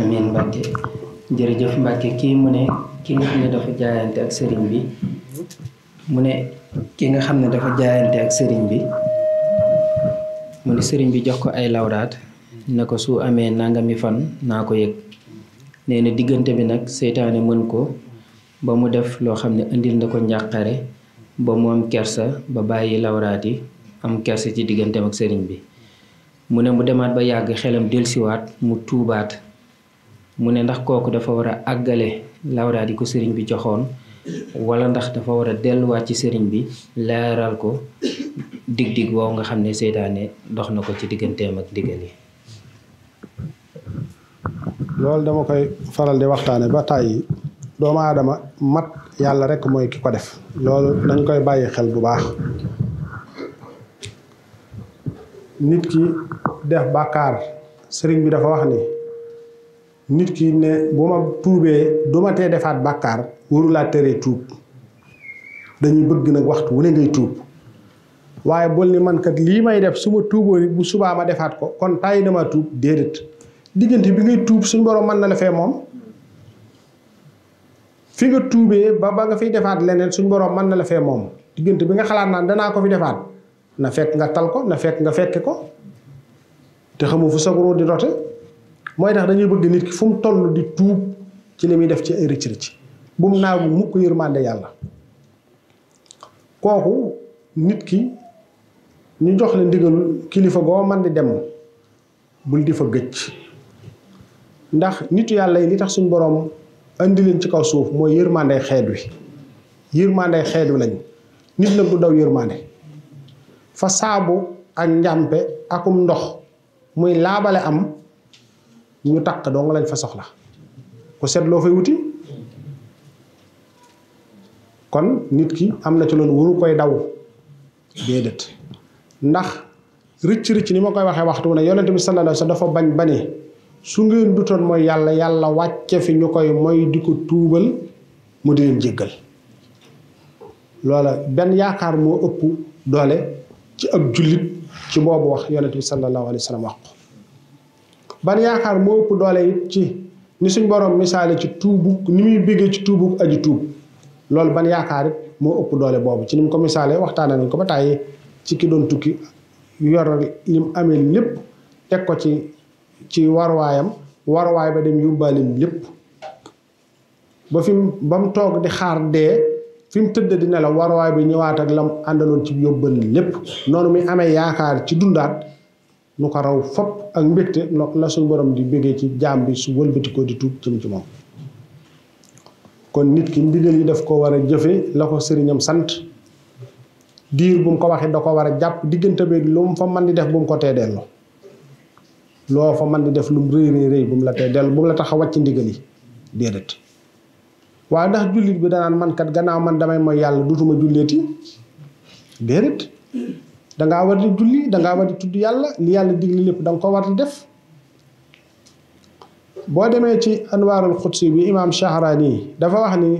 amiin Mbacke jërëjëf Mbacke kii mu ne ki nga xam ne dafa jaayante ak sëriñ bi mu ne ki nga xam ne dafa jaayante ak sëriñ bi mu sëriñ bi jox ko ay lawraat ne ko su amee nangami fan naa ko yëg nee na diggante bi nag seytaane mën ko ba mu def loo xam ne indil na ko njàqare ba mu am kersa ba bàyyi lawraat yi am kersa ci digganteem ak sëriñ bi mu ne mu demaat ba yàgg xelam delsiwaat mu tuubaat mu ne ndax kooku dafa war a àggale lawraat yi ko sëriñ bi joxoon walla ndax dafa war a delluwaat ci sëriñ bi leeral ko dig-dig woow nga xam ne seytaane dox na ko ci digganteem ak digal yi loolu dama koy faral di waxtaane ba tàyyi doomu aadama mat yàlla rekk mooy ki ko def loolu dañ koy bàyyi xel bu baax nit ki def bàkkaar sëriñ bi dafa wax ni nit ki ne bu ma tuubee du ma tee defaat bàkkaar warulaa tere tuub dañuy bëgg nag waxtu wu ne ngay tuub waaye bul ni man kat lii may def su ma tuuboo bu subaa ma defaat ko kon tàyyi dama tuub déedéet diggante bi ngay tuub suñ boroom mën na la fee moom fi nga tuubee ba ba nga fiy defaat leneen suñ borom mën na la moom diggante bi nga xalaat naan danaa ko fi defaat na fekk nga tal ko na fekk nga fekke ko te xamu fu sa di dote mooy tax dañuy bëgg nit ki fu mu toll di tuub ci li muy def ci ay rëcc rëcc bu mu naaw bu mukk yërmande yàlla kooku nit ki ñu jox la ndigalul kilifa goo man di dem bul di fa gëcc ndax nit yàlla yi li tax suñ boroom indi leen ci kaw suuf mooy yërmande xeet wi yërmande xeet wi lañ nit nag du daw yërmande fa saabu ak njàmpe akum ndox muy laabale am ñu takk dong lañ fa soxla ku set loo fay wuti kon nit ki am na ci loolu waru koy daw déedéet ndax rëcc rëcc ni ma koy waxee waxtu ne yonent bi sallallahu alayhi dafa bañ ba ne su ngeen dutoon mooy yàlla yàlla wàcce fi ñu koy moy di ko tuubal mu di leen jéggal loola benn yaakaar moo ëpp doole ci ak jullit ci boobu wax yonent bi sallallahu alayhi wasallam wax ko ban yaakaar moo ëpp doole it ci ni suñ borom misaale ci tuubu ni muy béggee ci tuubu aji tuub loolu ban yaakaar it moo ëpp doole boobu ci ni mu ko misaale waxtaanee nañ ko ba tàyyi ci ki doon tukki yor lim amee lépp teg ko ci ci waruwaayam waruwaay ba dem yóbbaalim lépp ba fi mu ba mu toog di xaar dee fi mu tëdd di nelaw waruwaay bi ñëwaat ak lam àndaloon ci yóbbal lépp noonu muy amee yaakaar ci dundaat nu ko raw fopp ak mbégte nok la suñu borom di béggee ci jaam bi su wëlbatikoo di tuub jëm ci moom kon nit ki ndigal yi daf ko war a jëfe la ko sëriñam sant diir bu mu ko waxee da ko war a jàpp diggante bi lu mu fa man di def bu mu ko tee delloo loo fa man di def lu mu rëy rëy bu mu la tee delloo bu mu la tax a wàcc ndigal yi déedéet waaye ndax jullit bi danaan man kat gannaaw man damay mooy yàlla dutuma julleeti déedéet da nga war di julli da nga war di tuddu yalla li yalla digli lepp dang ko war di def bo demee ci anwarul xudsi bi imaam dafa wax ni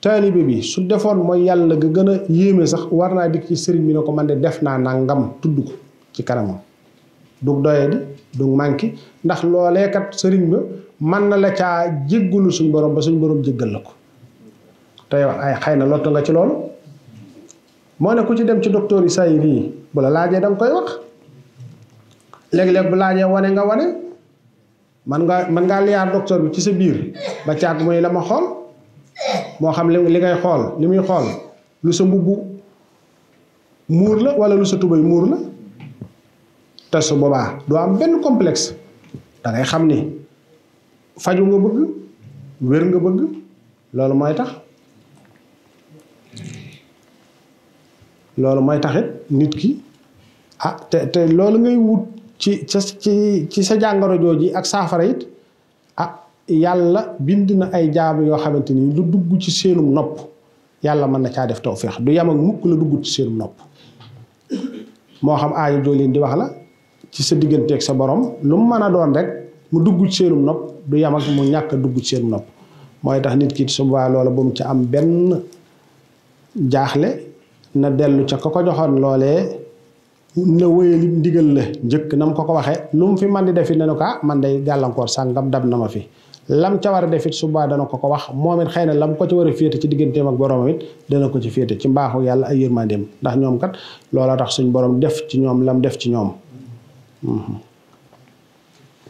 talib bi su defoon moy yalla ga gëna yéme sax war naa dikk ci serigne bi nako man de def na nangam tuddu ko ci karam du doye di du manki ndax lolé kat serigne bi man na la ca jéggulu suñu borom ba suñu borom jéggal lako tay wax ay xayna nga ci loolu moo ne ku ci dem ci docteur yi sayir yi bu la laajee dam nga koy wax léeg-léeg bu laajee wane nga wane man nga man ngaa liyaar docteur bi ci sa biir ba caag mooy la ma xool moo xam li ngay xool li muy xool lu sa mbubbu muur la wala lu sa tubay muur la te su boobaa doo am benn complexe da xam ni faju nga bëgg wér nga bëgg loolu mooy tax lolu mooy taxit nit ki ah te te lolu ngay wut ci ci ci sa jangoro joji ak safara it ah yalla bindina ay jaamu yo xamanteni ni lu dugg ci seenum nopp yalla man na ca def tawfiq du yam ak mukk la dugg ci seenum nopp mo xam ay do len di wax la ci sa ak sa borom lu mu mën doon rek mu dugg ci seenum nopp du yam ak mu ñàkk dugg ci seenum nopp moy tax nit ki su wa lolu bu mu ci am ben jaxle na dellu ca ko ko joxoon loole na wéyali ndigal la njëkk na mu ko ko waxee lu mu fi man di defit nanu ka man day gàllankoor sàngam dab na ma fi lam ca war a defit subaa dana ko ko wax moom it xëy na lam ko ci war a féete ci digganteem ak boroomam it dana ko ci féete ci mbaaxu yàlla ay yërmandeem ndax ñoom kat loola tax suñ borom def ci ñoom lam def ci ñoom mhm.